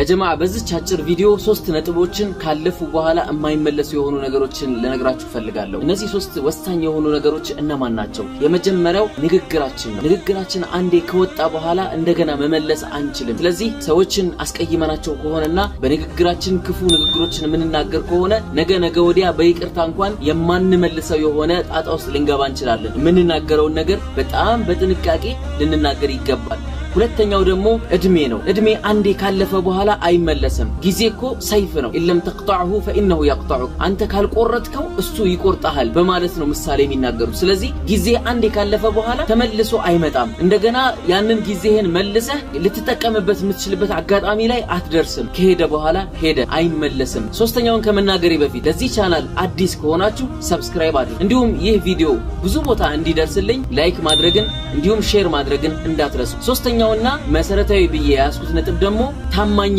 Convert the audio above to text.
ያጀማ በዚች አጭር ቪዲዮ ሶስት ነጥቦችን ካለፉ በኋላ የማይመለሱ የሆኑ ነገሮችን ልነግራችሁ ፈልጋለሁ። እነዚህ ሶስት ወሳኝ የሆኑ ነገሮች እነማን ናቸው? የመጀመሪያው ንግግራችን ነው። ንግግራችን አንዴ ከወጣ በኋላ እንደገና መመለስ አንችልም። ስለዚህ ሰዎችን አስቀይመናቸው ከሆነና በንግግራችን ክፉ ንግግሮችን የምንናገር ከሆነ ነገ ነገ ወዲያ በይቅርታ እንኳን የማንመልሰው የሆነ ጣጣ ውስጥ ልንገባ እንችላለን። የምንናገረውን ነገር በጣም በጥንቃቄ ልንናገር ይገባል። ሁለተኛው ደግሞ እድሜ ነው። እድሜ አንዴ ካለፈ በኋላ አይመለስም። ጊዜ እኮ ሰይፍ ነው። ኢለም ተቅጣዕሁ ፈኢነሁ ያቅጣዑክ፣ አንተ ካልቆረጥከው እሱ ይቆርጠሃል በማለት ነው ምሳሌ የሚናገሩት። ስለዚህ ጊዜ አንዴ ካለፈ በኋላ ተመልሶ አይመጣም። እንደገና ያንን ጊዜህን መልሰህ ልትጠቀምበት የምትችልበት አጋጣሚ ላይ አትደርስም። ከሄደ በኋላ ሄደ፣ አይመለስም። ሶስተኛውን ከመናገሬ በፊት ለዚህ ቻናል አዲስ ከሆናችሁ ሰብስክራይብ አድርጉ። እንዲሁም ይህ ቪዲዮ ብዙ ቦታ እንዲደርስልኝ ላይክ ማድረግን እንዲሁም ሼር ማድረግን እንዳትረሱ። ሶስተኛ ሶስተኛውና መሰረታዊ ብዬ ያስኩት ነጥብ ደግሞ ታማኝ